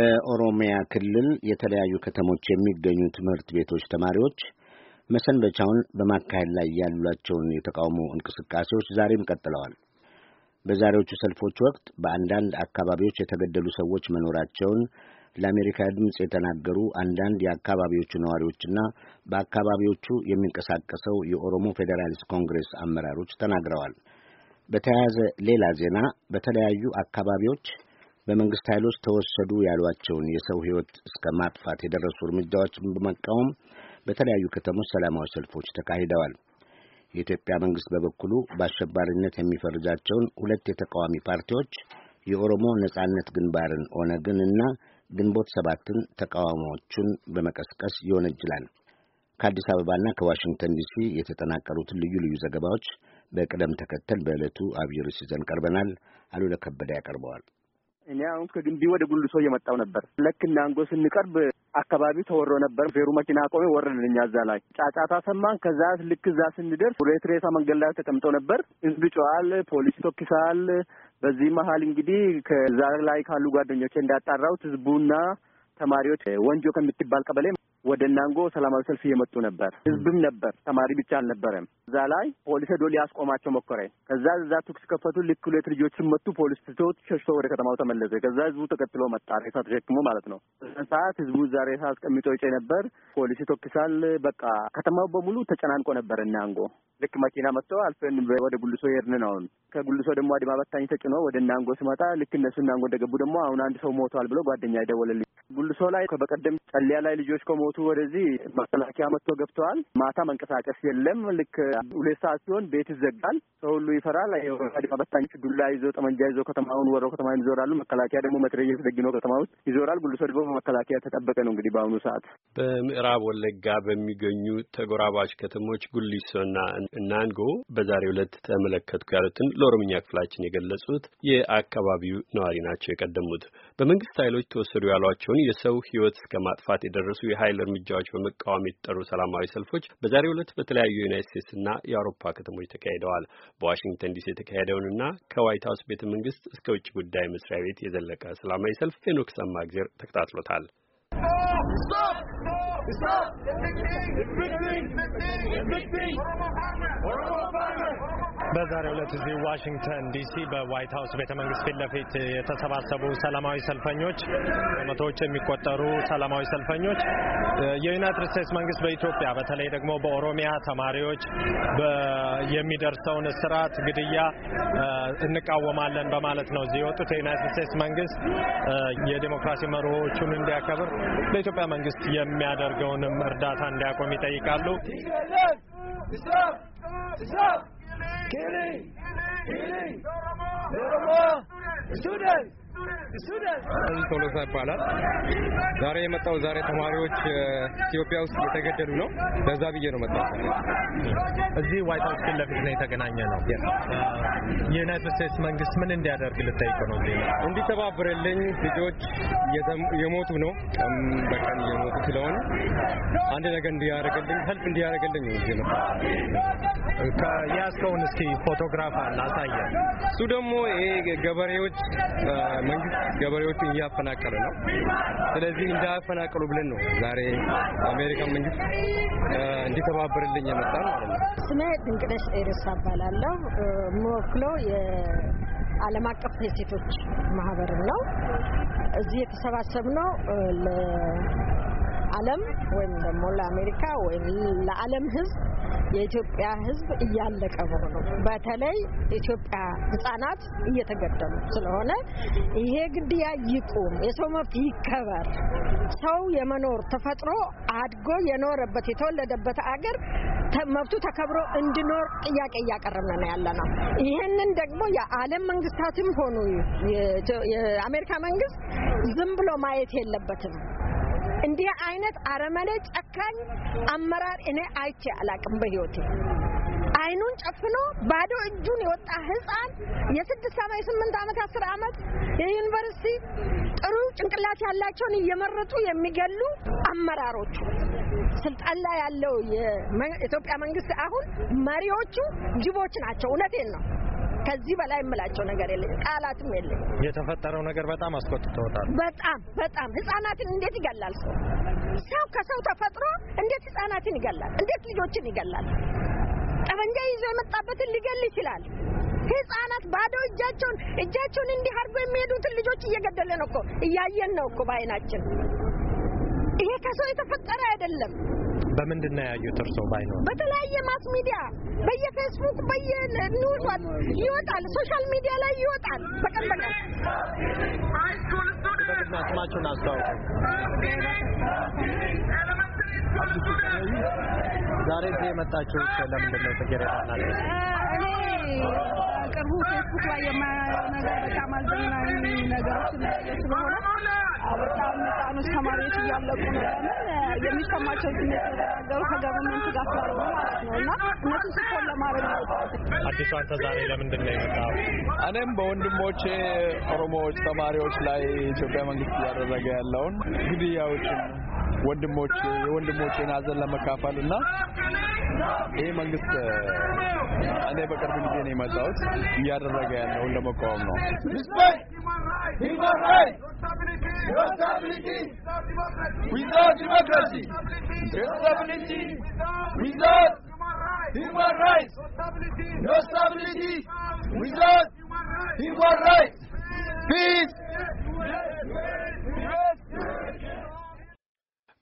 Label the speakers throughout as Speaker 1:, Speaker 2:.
Speaker 1: በኦሮሚያ ክልል የተለያዩ ከተሞች የሚገኙ ትምህርት ቤቶች ተማሪዎች መሰንበቻውን በማካሄድ ላይ ያሏቸውን የተቃውሞ እንቅስቃሴዎች ዛሬም ቀጥለዋል። በዛሬዎቹ ሰልፎች ወቅት በአንዳንድ አካባቢዎች የተገደሉ ሰዎች መኖራቸውን ለአሜሪካ ድምፅ የተናገሩ አንዳንድ የአካባቢዎቹ ነዋሪዎችና በአካባቢዎቹ የሚንቀሳቀሰው የኦሮሞ ፌዴራሊስት ኮንግሬስ አመራሮች ተናግረዋል። በተያያዘ ሌላ ዜና በተለያዩ አካባቢዎች በመንግስት ኃይሎች ተወሰዱ ያሏቸውን የሰው ሕይወት እስከ ማጥፋት የደረሱ እርምጃዎችን በመቃወም በተለያዩ ከተሞች ሰላማዊ ሰልፎች ተካሂደዋል። የኢትዮጵያ መንግስት በበኩሉ በአሸባሪነት የሚፈርጃቸውን ሁለት የተቃዋሚ ፓርቲዎች የኦሮሞ ነጻነት ግንባርን ኦነግን እና ግንቦት ሰባትን ተቃዋሚዎቹን በመቀስቀስ ይወነጅላል። ከአዲስ አበባና ከዋሽንግተን ዲሲ የተጠናቀሩትን ልዩ ልዩ ዘገባዎች በቅደም ተከተል በዕለቱ አብይ ርዕስ ይዘን ቀርበናል። አሉለ ከበደ ያቀርበዋል።
Speaker 2: እኔ አሁን ከግንቢ ወደ ጉልሶ እየመጣው ነበር። ልክ እናንጎ ስንቀርብ አካባቢው ተወሮ ነበር። ፌሩ መኪና ቆሜ ወረድን። እኛ እዛ ላይ ጫጫታ ሰማን። ከዛ ልክ እዛ ስንደርስ ሁለት ሬሳ መንገድ ላይ ተቀምጦ ነበር። ህዝብ ጨዋል፣ ፖሊስ ቶክሳል። በዚህ መሀል እንግዲህ ከዛ ላይ ካሉ ጓደኞቼ እንዳጣራሁት ህዝቡና ተማሪዎች ወንጆ ከምትባል ቀበሌ ወደ ናንጎ ሰላማዊ ሰልፍ እየመጡ ነበር። ህዝብም ነበር፣ ተማሪ ብቻ አልነበረም። እዛ ላይ ፖሊስ ዶ ሊያስቆማቸው ሞከረ። ከዛ እዛ ተኩስ ከፈቱ። ልክ ሁለት ልጆችን መቱ። ፖሊስ ትቶት ሸሽቶ ወደ ከተማው ተመለሰ። ከዛ ህዝቡ ተከትሎ መጣ፣ ሬሳ ተሸክሞ ማለት ነው። በዛን ሰዓት ህዝቡ እዛ ሬሳ አስቀምጦ ይጨ ነበር። ፖሊስ ይተኩሳል። በቃ ከተማው በሙሉ ተጨናንቆ ነበር እናንጎ ልክ መኪና መጥቶ አልፈን ወደ ጉልሶ ሄድን ነው። ከጉልሶ ደግሞ አድማ በታኝ ተጭኖ ወደ እናንጎ ስመጣ ልክ እነሱ እናንጎ እንደገቡ ደግሞ አሁን አንድ ሰው ሞቷል ብሎ ጓደኛ ይደወለልኝ። ጉልሶ ላይ በቀደም ጨልያ ላይ ልጆች ከሞቱ ወደዚህ መከላከያ መጥቶ ገብተዋል። ማታ መንቀሳቀስ የለም። ልክ ሁለት ሰዓት ሲሆን ቤት ይዘጋል። ሰው ሁሉ ይፈራል። ዲማ በታኞች ዱላ ይዞ ጠመንጃ ይዞ ከተማውን ወረው ከተማ ይዞራሉ። መከላከያ ደግሞ መትረየስ ደግኖ ከተማ ውስጥ ይዞራል። ጉልሶ ደግሞ በመከላከያ ተጠበቀ ነው። እንግዲህ በአሁኑ
Speaker 3: ሰዓት በምዕራብ ወለጋ በሚገኙ ተጎራባች ከተሞች ጉሊሶና እናንጎ በዛሬው ዕለት ተመለከትኩ ያሉትን ለኦሮምኛ ክፍላችን የገለጹት የአካባቢው ነዋሪ ናቸው የቀደሙት በመንግስት ኃይሎች ተወሰዱ ያሏቸውን የሰው ህይወት እስከ ማጥፋት የደረሱ የኃይል እርምጃዎች በመቃወም የተጠሩ ሰላማዊ ሰልፎች በዛሬው ዕለት በተለያዩ የዩናይት ስቴትስና የአውሮፓ ከተሞች ተካሂደዋል። በዋሽንግተን ዲሲ የተካሄደውንና ከዋይት ሀውስ ቤተ መንግስት እስከ ውጭ ጉዳይ መስሪያ ቤት የዘለቀ ሰላማዊ ሰልፍ ፌኖክስ አማግዜር ተከታትሎታል። በዛሬው ዕለት እዚህ ዋሽንግተን ዲሲ በዋይት ሀውስ ቤተ መንግስት ፊት ለፊት የተሰባሰቡ ሰላማዊ ሰልፈኞች በመቶዎች የሚቆጠሩ ሰላማዊ ሰልፈኞች የዩናይትድ ስቴትስ መንግስት በኢትዮጵያ በተለይ ደግሞ በኦሮሚያ ተማሪዎች የሚደርሰውን እስራት፣ ግድያ እንቃወማለን በማለት ነው እዚህ የወጡት። የዩናይትድ ስቴትስ መንግስት የዲሞክራሲ መርሆቹን እንዲያከብር ለኢትዮጵያ መንግስት የሚያደርግ የሚደረገውንም እርዳታ እንዲያቆም ይጠይቃሉ።
Speaker 2: ቶሎሳ ይባላል። ዛሬ የመጣው ዛሬ ተማሪዎች ኢትዮጵያ ውስጥ እየተገደሉ ነው። ለዛ ብዬ ነው መጣው። እዚህ ዋይት ሀውስ ፊት ለፊት ነው የተገናኘ ነው። የዩናይትድ ስቴትስ መንግስት ምን እንዲያደርግ ልጠይቅ ነው? ዜ እንዲተባብርልኝ ልጆች የሞቱ ነው በቀን የሞቱ ስለሆነ አንድ ነገር እንዲያደርግልኝ ህልፍ እንዲያደርግልኝ እዚህ ነው። ያስከውን እስኪ ፎቶግራፍ አሳየ። እሱ ደግሞ ይሄ ገበሬዎች መንግስት ገበሬዎችን እያፈናቀለ ነው። ስለዚህ እንዳያፈናቀሉ ብለን ነው
Speaker 4: ዛሬ አሜሪካ መንግስት
Speaker 5: እንዲተባብርልኝ
Speaker 4: የመጣ ማለት ነው።
Speaker 5: ስሜ ድንቅነሽ ኤደሳ እባላለሁ። ተወክሎ የዓለም አቀፍ የሴቶች ማህበር ነው። እዚህ የተሰባሰብነው ለዓለም ወይም ደግሞ ለአሜሪካ ወይም ለዓለም ህዝብ የኢትዮጵያ ህዝብ እያለቀ መሆኑ በተለይ ኢትዮጵያ ህጻናት እየተገደሉ ስለሆነ ይሄ ግድያ ይቁም፣ የሰው መብት ይከበር። ሰው የመኖር ተፈጥሮ አድጎ የኖረበት የተወለደበት አገር መብቱ ተከብሮ እንዲኖር ጥያቄ እያቀረብን ነው ያለ ነው። ይህንን ደግሞ የዓለም መንግስታትም ሆኑ የአሜሪካ መንግስት ዝም ብሎ ማየት የለበትም። እንዲህ አይነት አረመኔ ጨካኝ አመራር እኔ አይቼ አላቅም በህይወቴ። አይኑን ጨፍኖ ባዶ እጁን የወጣ ህፃን የስድስት ዓመት የስምንት ዓመት አስር ዓመት የዩኒቨርሲቲ ጥሩ ጭንቅላት ያላቸውን እየመረጡ የሚገሉ አመራሮቹ ስልጣን ላይ ያለው የኢትዮጵያ መንግስት አሁን መሪዎቹ ጅቦች ናቸው። እውነቴን ነው። ከዚህ በላይ የምላቸው ነገር የለኝ፣ ቃላትም የለኝ።
Speaker 2: የተፈጠረው ነገር በጣም አስቆጥቶታል።
Speaker 5: በጣም በጣም ህጻናትን እንዴት ይገላል ሰው? ሰው ከሰው ተፈጥሮ እንዴት ህጻናትን ይገላል? እንዴት ልጆችን ይገላል? ጠመንጃ ይዞ የመጣበትን ሊገል ይችላል። ህጻናት ባዶ እጃቸውን እጃቸውን እንዲህ አድርጎ የሚሄዱትን ልጆች እየገደለ ነው እኮ እያየን ነው እኮ በአይናችን። ይሄ ከሰው የተፈጠረ አይደለም።
Speaker 3: በምንድን ነው ያዩት እርስዎ? ባይኖር
Speaker 5: በተለያየ ማስ ሚዲያ በየፌስቡክ በየኒውቷል ይወጣል፣ ሶሻል ሚዲያ ላይ ይወጣል። በቀን በቀን
Speaker 4: ስማችሁን አስተዋውቁ።
Speaker 2: ዛሬ እዚህ የመጣችሁት ለምንድን ነው? ጽጌረዳ
Speaker 4: ቅርቡ ፌስቡክ ላይ የማየው ነገር በጣም አዝናኝ ነገሮች ስለሆነ በጣም ህጻኖች ተማሪዎች እያለቁ ነው። የሚሰማቸው ስሜት ከገቨርንመንት ጋር ስላሉ ማለት ነው እና እነሱ ለማድረግ ነው።
Speaker 3: አዲሱ አንተ ዛሬ ለምንድን ነው የመጣው?
Speaker 4: እኔም በወንድሞቼ
Speaker 6: ኦሮሞዎች ተማሪዎች ላይ ኢትዮጵያ መንግስት እያደረገ ያለውን ግድያዎችን ወንድሞች የወንድሞቼን ሀዘን ለመካፈል እና መንግስት እኔ በቅርብ ጊዜ ነው የመጣሁት እያደረገ ያለውን ለመቃወም ነው።
Speaker 4: without democracy, no stability, without human rights, no stability, without human rights, peace.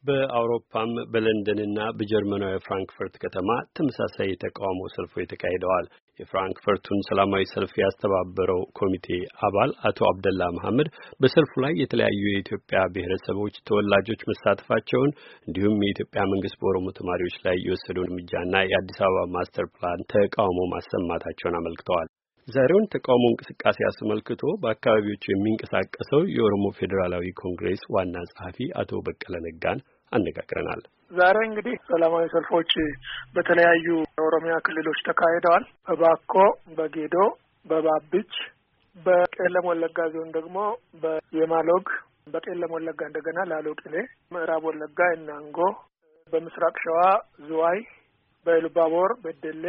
Speaker 3: በአውሮፓም በለንደንና በጀርመናዊ ፍራንክፈርት ከተማ ተመሳሳይ የተቃውሞ ሰልፎች ተካሂደዋል። የፍራንክፈርቱን ሰላማዊ ሰልፍ ያስተባበረው ኮሚቴ አባል አቶ አብደላ መሐመድ በሰልፉ ላይ የተለያዩ የኢትዮጵያ ብሔረሰቦች ተወላጆች መሳተፋቸውን እንዲሁም የኢትዮጵያ መንግስት በኦሮሞ ተማሪዎች ላይ የወሰደው እርምጃና የአዲስ አበባ ማስተር ፕላን ተቃውሞ ማሰማታቸውን አመልክተዋል። ዛሬውን ተቃውሞ እንቅስቃሴ አስመልክቶ በአካባቢዎቹ የሚንቀሳቀሰው የኦሮሞ ፌዴራላዊ ኮንግሬስ ዋና ጸሐፊ አቶ በቀለ ነጋን አነጋግረናል።
Speaker 7: ዛሬ እንግዲህ ሰላማዊ ሰልፎች በተለያዩ የኦሮሚያ ክልሎች ተካሂደዋል። በባኮ፣ በጌዶ፣ በባብች፣ በቄለም ወለጋ ዞን ደግሞ በየማሎግ በቄለም ወለጋ እንደገና ላሎ ቅሌ፣ ምዕራብ ወለጋ ኢናንጎ፣ በምስራቅ ሸዋ ዝዋይ፣ በኢሉባቦር በደሌ፣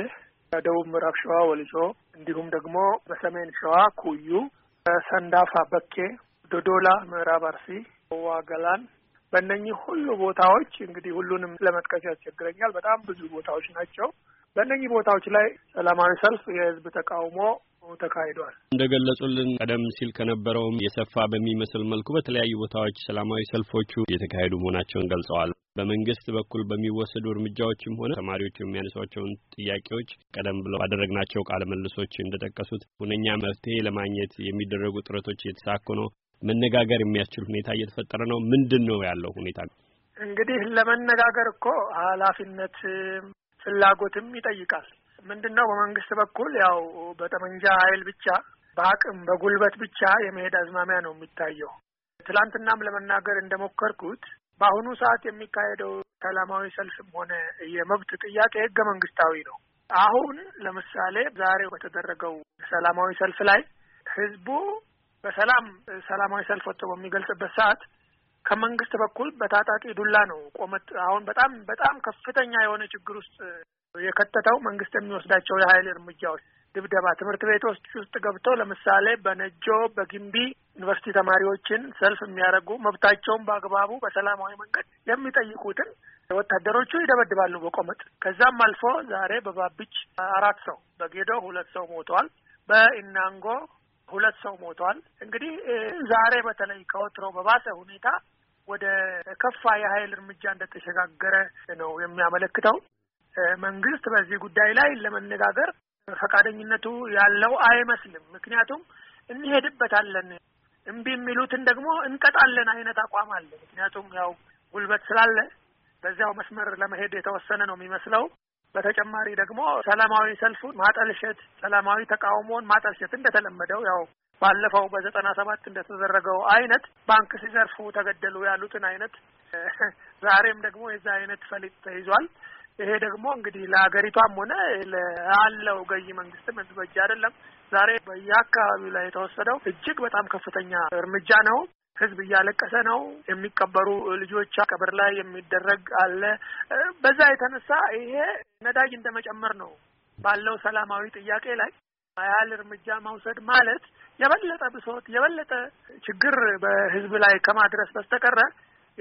Speaker 7: በደቡብ ምዕራብ ሸዋ ወሊሶ እንዲሁም ደግሞ በሰሜን ሸዋ ኩዩ፣ በሰንዳፋ በኬ፣ ዶዶላ ምዕራብ አርሲ፣ ዋገላን በእነኚህ ሁሉ ቦታዎች እንግዲህ ሁሉንም ለመጥቀስ ያስቸግረኛል። በጣም ብዙ ቦታዎች ናቸው። በእነኚህ ቦታዎች ላይ ሰላማዊ ሰልፍ፣ የህዝብ ተቃውሞ ተካሂዷል።
Speaker 3: እንደገለጹልን ቀደም ሲል ከነበረውም የሰፋ በሚመስል መልኩ በተለያዩ ቦታዎች ሰላማዊ ሰልፎቹ የተካሄዱ መሆናቸውን ገልጸዋል። በመንግስት በኩል በሚወሰዱ እርምጃዎችም ሆነ ተማሪዎቹ የሚያነሷቸውን ጥያቄዎች ቀደም ብለው ባደረግናቸው ቃለ መልሶች እንደጠቀሱት ሁነኛ መፍትሄ ለማግኘት የሚደረጉ ጥረቶች እየተሳኩ ነው። መነጋገር የሚያስችል ሁኔታ እየተፈጠረ ነው። ምንድን ነው ያለው ሁኔታ?
Speaker 7: እንግዲህ ለመነጋገር እኮ ኃላፊነት ፍላጎትም ይጠይቃል። ምንድን ነው በመንግስት በኩል ያው በጠመንጃ ኃይል ብቻ በአቅም በጉልበት ብቻ የመሄድ አዝማሚያ ነው የሚታየው። ትላንትናም ለመናገር እንደሞከርኩት በአሁኑ ሰዓት የሚካሄደው ሰላማዊ ሰልፍም ሆነ የመብት ጥያቄ ህገ መንግስታዊ ነው። አሁን ለምሳሌ ዛሬ በተደረገው ሰላማዊ ሰልፍ ላይ ህዝቡ በሰላም ሰላማዊ ሰልፍ ወጥቶ በሚገልጽበት ሰዓት ከመንግስት በኩል በታጣቂ ዱላ ነው ቆመት አሁን በጣም በጣም ከፍተኛ የሆነ ችግር ውስጥ የከተተው መንግስት የሚወስዳቸው የሀይል እርምጃዎች ድብደባ፣ ትምህርት ቤቶች ውስጥ ገብተው ለምሳሌ በነጆ በግንቢ ዩኒቨርሲቲ ተማሪዎችን ሰልፍ የሚያደርጉ መብታቸውን በአግባቡ በሰላማዊ መንገድ የሚጠይቁትን ወታደሮቹ ይደበድባሉ በቆመጥ። ከዛም አልፎ ዛሬ በባብች አራት ሰው በጌዶ ሁለት ሰው ሞተዋል። በኢናንጎ ሁለት ሰው ሞቷል። እንግዲህ ዛሬ በተለይ ከወትሮ በባሰ ሁኔታ ወደ ከፋ የኃይል እርምጃ እንደተሸጋገረ ነው የሚያመለክተው። መንግስት በዚህ ጉዳይ ላይ ለመነጋገር ፈቃደኝነቱ ያለው አይመስልም። ምክንያቱም እንሄድበታለን፣ እምቢ የሚሉትን ደግሞ እንቀጣለን አይነት አቋም አለ። ምክንያቱም ያው ጉልበት ስላለ በዚያው መስመር ለመሄድ የተወሰነ ነው የሚመስለው። በተጨማሪ ደግሞ ሰላማዊ ሰልፉን ማጠልሸት፣ ሰላማዊ ተቃውሞውን ማጠልሸት እንደተለመደው ያው ባለፈው በዘጠና ሰባት እንደተደረገው አይነት ባንክ ሲዘርፉ ተገደሉ ያሉትን አይነት ዛሬም ደግሞ የዛ አይነት ፈሊጥ ተይዟል። ይሄ ደግሞ እንግዲህ ለሀገሪቷም ሆነ ለአለው ገዢ መንግስትም የሚበጅ አይደለም። ዛሬ በየአካባቢው ላይ የተወሰደው እጅግ በጣም ከፍተኛ እርምጃ ነው። ህዝብ እያለቀሰ ነው። የሚቀበሩ ልጆች ቀብር ላይ የሚደረግ አለ። በዛ የተነሳ ይሄ ነዳጅ እንደ መጨመር ነው። ባለው ሰላማዊ ጥያቄ ላይ ያህል እርምጃ መውሰድ ማለት የበለጠ ብሶት፣ የበለጠ ችግር በህዝብ ላይ ከማድረስ በስተቀረ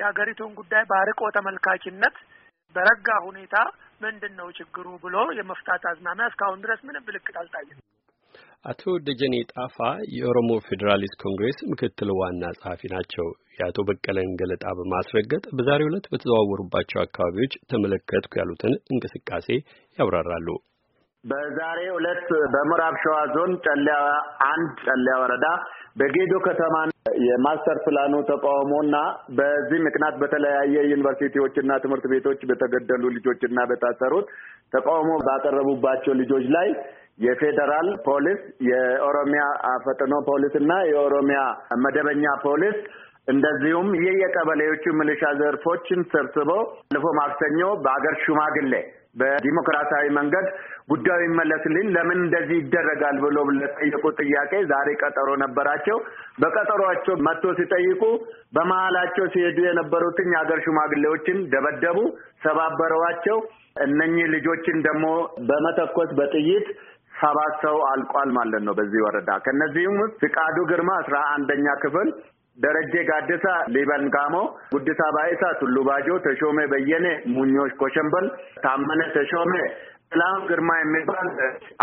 Speaker 7: የሀገሪቱን ጉዳይ በአርቆ ተመልካችነት በረጋ ሁኔታ ምንድን ነው ችግሩ ብሎ የመፍታት አዝማሚያ እስካሁን ድረስ ምንም ምልክት አልታየም።
Speaker 3: አቶ ደጀኔ ጣፋ የኦሮሞ ፌዴራሊስት ኮንግሬስ ምክትል ዋና ጸሐፊ ናቸው። የአቶ በቀለን ገለጣ በማስረገጥ በዛሬው ዕለት በተዘዋወሩባቸው አካባቢዎች ተመለከትኩ ያሉትን እንቅስቃሴ ያብራራሉ።
Speaker 6: በዛሬ ዕለት በምዕራብ ሸዋ ዞን ጨለያ አንድ ጨለያ ወረዳ በጌዶ ከተማ የማስተር ፕላኑ ተቃውሞና በዚህ ምክንያት በተለያየ ዩኒቨርሲቲዎችና ትምህርት ቤቶች በተገደሉ ልጆችና በታሰሩት ተቃውሞ ባቀረቡባቸው ልጆች ላይ የፌዴራል ፖሊስ፣ የኦሮሚያ ፈጥኖ ፖሊስ እና የኦሮሚያ መደበኛ ፖሊስ እንደዚሁም የየቀበሌዎቹ የቀበሌዎቹ ሚሊሻ ዘርፎችን ሰብስበው አልፎ ማክሰኞ በሀገር ሽማግሌ በዲሞክራሲያዊ መንገድ ጉዳዩ ይመለስልኝ ለምን እንደዚህ ይደረጋል ብሎ ለጠየቁ ጥያቄ ዛሬ ቀጠሮ ነበራቸው። በቀጠሯቸው መጥቶ ሲጠይቁ በመሀላቸው ሲሄዱ የነበሩትን የሀገር ሽማግሌዎችን ደበደቡ፣ ሰባበረዋቸው። እነኚህ ልጆችን ደግሞ በመተኮስ በጥይት ሰባት ሰው አልቋል ማለት ነው በዚህ ወረዳ። ከእነዚህም ውስጥ ፍቃዱ ግርማ አስራ አንደኛ ክፍል ደረጀ ጋደሳ ሊበን ጋሞ፣ ጉድሳ ባይሳ ቱሉባጆ፣ ተሾሜ በየኔ ሙኞች ኮሸንበል፣ ታመነ ተሾሜ፣ ጥላሁን ግርማ የሚባል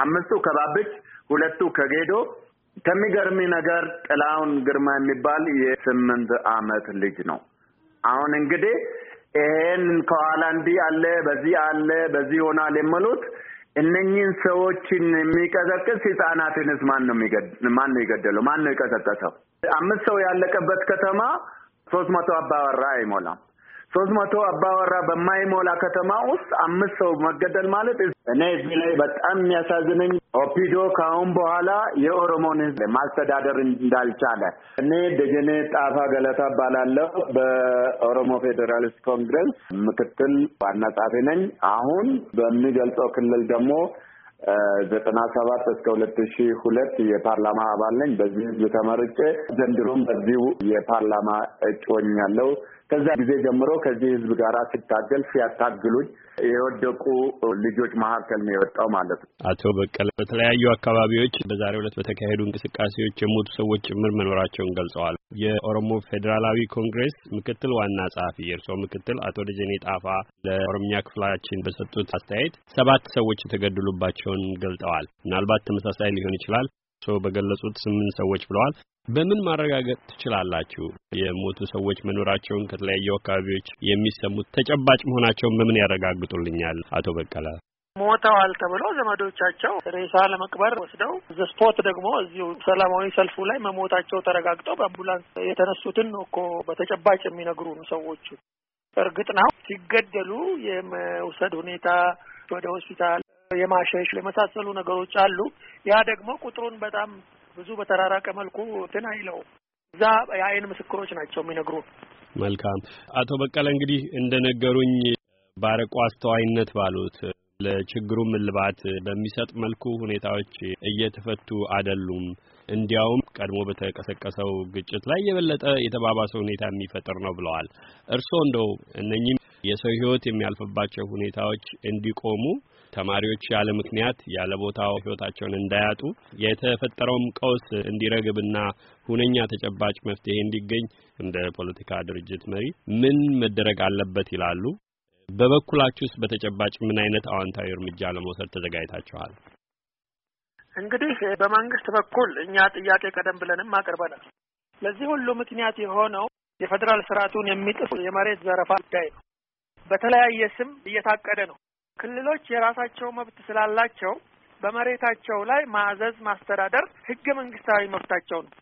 Speaker 6: አምስቱ ከባብች፣ ሁለቱ ከጌዶ። ከሚገርሚ ነገር ጥላሁን ግርማ የሚባል የስምንት አመት ልጅ ነው። አሁን እንግዲህ ይሄን ከኋላ እንዲህ አለ፣ በዚህ አለ፣ በዚህ ይሆናል የምሉት እነኚህን ሰዎችን የሚቀሰቅስ ህጻናትንስ ማን ነው ማን ነው የገደለው? ማን ነው የቀሰቀሰው? አምስት ሰው ያለቀበት ከተማ ሶስት መቶ አባወራ አይሞላም። ሶስት መቶ አባወራ በማይሞላ ከተማ ውስጥ አምስት ሰው መገደል ማለት እኔ እዚህ ላይ በጣም የሚያሳዝነኝ ኦፒዶ ከአሁን በኋላ የኦሮሞን ሕዝብ ማስተዳደር እንዳልቻለ። እኔ ደጀኔ ጣፋ ገለታ እባላለሁ። በኦሮሞ ፌዴራሊስት ኮንግረስ ምክትል ዋና ጻፊ ነኝ። አሁን በሚገልጸው ክልል ደግሞ ዘጠና ሰባት እስከ ሁለት ሺ ሁለት የፓርላማ አባል ነኝ። በዚህ ህዝብ ተመርጬ ዘንድሮም በዚሁ የፓርላማ እጩ ሆኛለሁ። ከዛ ጊዜ ጀምሮ ከዚህ ህዝብ ጋር ሲታገል ሲያታግሉኝ የወደቁ ልጆች መካከል ነው የወጣው ማለት ነው።
Speaker 3: አቶ በቀለ በተለያዩ አካባቢዎች በዛሬው ዕለት በተካሄዱ እንቅስቃሴዎች የሞቱ ሰዎች ጭምር መኖራቸውን ገልጸዋል። የኦሮሞ ፌዴራላዊ ኮንግሬስ ምክትል ዋና ጸሐፊ የእርስዎ ምክትል አቶ ደጀኔ ጣፋ ለኦሮምኛ ክፍላችን በሰጡት አስተያየት ሰባት ሰዎች የተገደሉባቸውን ገልጠዋል። ምናልባት ተመሳሳይ ሊሆን ይችላል። እርስዎ በገለጹት ስምንት ሰዎች ብለዋል። በምን ማረጋገጥ ትችላላችሁ? የሞቱ ሰዎች መኖራቸውን ከተለያዩ አካባቢዎች የሚሰሙት ተጨባጭ መሆናቸውን በምን ያረጋግጡልኛል? አቶ በቀለ
Speaker 7: ሞተዋል ተብሎ ዘመዶቻቸው ሬሳ ለመቅበር ወስደው ዘስፖት ደግሞ እዚሁ ሰላማዊ ሰልፉ ላይ መሞታቸው ተረጋግጠው በአምቡላንስ የተነሱትን እኮ በተጨባጭ የሚነግሩን ሰዎቹ እርግጥ ነው ሲገደሉ የመውሰድ ሁኔታ ወደ ሆስፒታል የማሸሽ የመሳሰሉ ነገሮች አሉ። ያ ደግሞ ቁጥሩን በጣም ብዙ በተራራቀ መልኩ እንትን አይለው እዛ የአይን ምስክሮች ናቸው የሚነግሩ።
Speaker 3: መልካም አቶ በቀለ እንግዲህ እንደነገሩኝ ባረቁ አስተዋይነት ባሉት ለችግሩ እልባት በሚሰጥ መልኩ ሁኔታዎች እየተፈቱ አይደሉም። እንዲያውም ቀድሞ በተቀሰቀሰው ግጭት ላይ የበለጠ የተባባሰ ሁኔታ የሚፈጥር ነው ብለዋል። እርስዎ እንደው እነኚህም የሰው ሕይወት የሚያልፍባቸው ሁኔታዎች እንዲቆሙ ተማሪዎች ያለ ምክንያት ያለ ቦታው ህይወታቸውን እንዳያጡ የተፈጠረውም ቀውስ እንዲረግብና ሁነኛ ተጨባጭ መፍትሄ እንዲገኝ እንደ ፖለቲካ ድርጅት መሪ ምን መደረግ አለበት ይላሉ? በበኩላችሁስ በተጨባጭ ምን አይነት አዋንታዊ እርምጃ ለመውሰድ ተዘጋጅታችኋል?
Speaker 7: እንግዲህ በመንግስት በኩል እኛ ጥያቄ ቀደም ብለንም አቅርበናል። ለዚህ ሁሉ ምክንያት የሆነው የፌዴራል ስርዓቱን የሚጥፍ የመሬት ዘረፋ ጉዳይ ነው። በተለያየ ስም እየታቀደ ነው። ክልሎች የራሳቸው መብት ስላላቸው በመሬታቸው ላይ ማዕዘዝ ማስተዳደር ህገ መንግስታዊ መብታቸው ነው።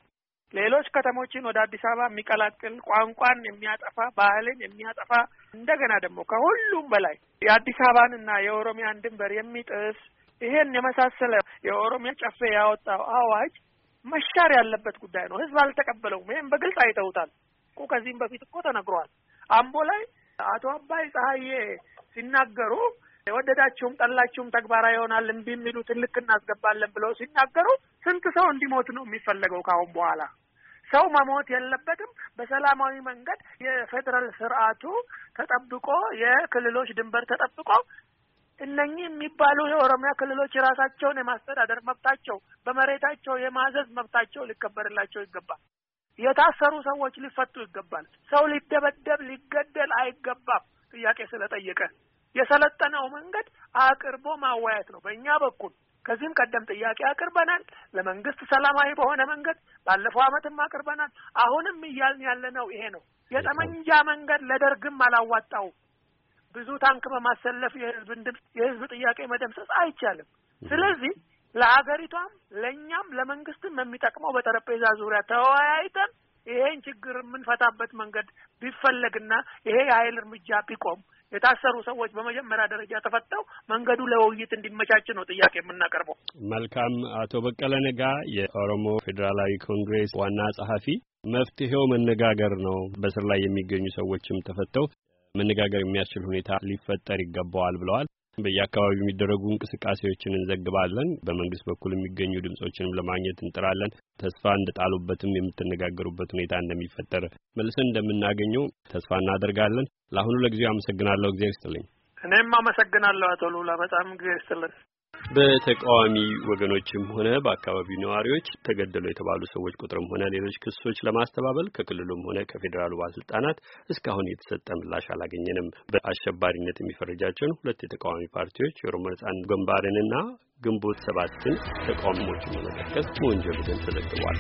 Speaker 7: ሌሎች ከተሞችን ወደ አዲስ አበባ የሚቀላቅል ቋንቋን የሚያጠፋ ባህልን የሚያጠፋ እንደገና ደግሞ ከሁሉም በላይ የአዲስ አበባንና የኦሮሚያን ድንበር የሚጥስ ይሄን የመሳሰለ የኦሮሚያ ጨፌ ያወጣው አዋጅ መሻር ያለበት ጉዳይ ነው። ህዝብ አልተቀበለውም። ይህም በግልጽ አይተውታል እኮ ከዚህም በፊት እኮ ተነግሯል። አምቦ ላይ አቶ አባይ ፀሐዬ ሲናገሩ የወደዳችሁም ጠላችሁም ተግባራዊ ይሆናል እምቢ የሚሉትን ልክ እናስገባለን ብለው ሲናገሩ ስንት ሰው እንዲሞት ነው የሚፈለገው? ከአሁን በኋላ ሰው መሞት የለበትም። በሰላማዊ መንገድ የፌዴራል ስርዓቱ ተጠብቆ የክልሎች ድንበር ተጠብቆ እነኚህ የሚባሉ የኦሮሚያ ክልሎች የራሳቸውን የማስተዳደር መብታቸው፣ በመሬታቸው የማዘዝ መብታቸው ሊከበርላቸው ይገባል። የታሰሩ ሰዎች ሊፈቱ ይገባል። ሰው ሊደበደብ ሊገደል አይገባም። ጥያቄ ስለጠየቀ የሰለጠነው መንገድ አቅርቦ ማዋየት ነው። በእኛ በኩል ከዚህም ቀደም ጥያቄ አቅርበናል ለመንግስት ሰላማዊ በሆነ መንገድ ባለፈው ዓመትም አቅርበናል። አሁንም እያልን ነው ይሄ ነው። የጠመንጃ መንገድ ለደርግም አላዋጣው ብዙ ታንክ በማሰለፍ የህዝብን ድምፅ የህዝብ ጥያቄ መደምሰስ አይቻልም። ስለዚህ ለሀገሪቷም ለእኛም ለመንግስትም የሚጠቅመው በጠረጴዛ ዙሪያ ተወያይተን ይሄን ችግር የምንፈታበት መንገድ ቢፈለግና ይሄ የኃይል እርምጃ ቢቆም የታሰሩ ሰዎች በመጀመሪያ ደረጃ ተፈተው መንገዱ ለውይይት እንዲመቻች ነው ጥያቄ የምናቀርበው።
Speaker 3: መልካም። አቶ በቀለ ነጋ የኦሮሞ ፌዴራላዊ ኮንግሬስ ዋና ጸሐፊ፣ መፍትሄው መነጋገር ነው። በስር ላይ የሚገኙ ሰዎችም ተፈተው መነጋገር የሚያስችል ሁኔታ ሊፈጠር ይገባዋል ብለዋል። በየአካባቢው የሚደረጉ እንቅስቃሴዎችን እንዘግባለን። በመንግስት በኩል የሚገኙ ድምጾችንም ለማግኘት እንጥራለን። ተስፋ እንደጣሉበትም የምትነጋገሩበት ሁኔታ እንደሚፈጠር መልሰን እንደምናገኘው ተስፋ እናደርጋለን። ለአሁኑ ለጊዜው አመሰግናለሁ። እግዚአብሔር ይስጥልኝ።
Speaker 7: እኔም አመሰግናለሁ አቶ ሉላ በጣም እግዚአብሔር ይስጥልን።
Speaker 3: በተቃዋሚ ወገኖችም ሆነ በአካባቢው ነዋሪዎች ተገደሉ የተባሉ ሰዎች ቁጥርም ሆነ ሌሎች ክሶች ለማስተባበል ከክልሉም ሆነ ከፌዴራሉ ባለስልጣናት እስካሁን የተሰጠ ምላሽ አላገኘንም። በአሸባሪነት የሚፈርጃቸውን ሁለት የተቃዋሚ ፓርቲዎች የኦሮሞ ነጻነት ግንባርንና ግንቦት ሰባትን ተቃውሞዎችን በመጠቀስ በወንጀል ግን ተዘግቧል።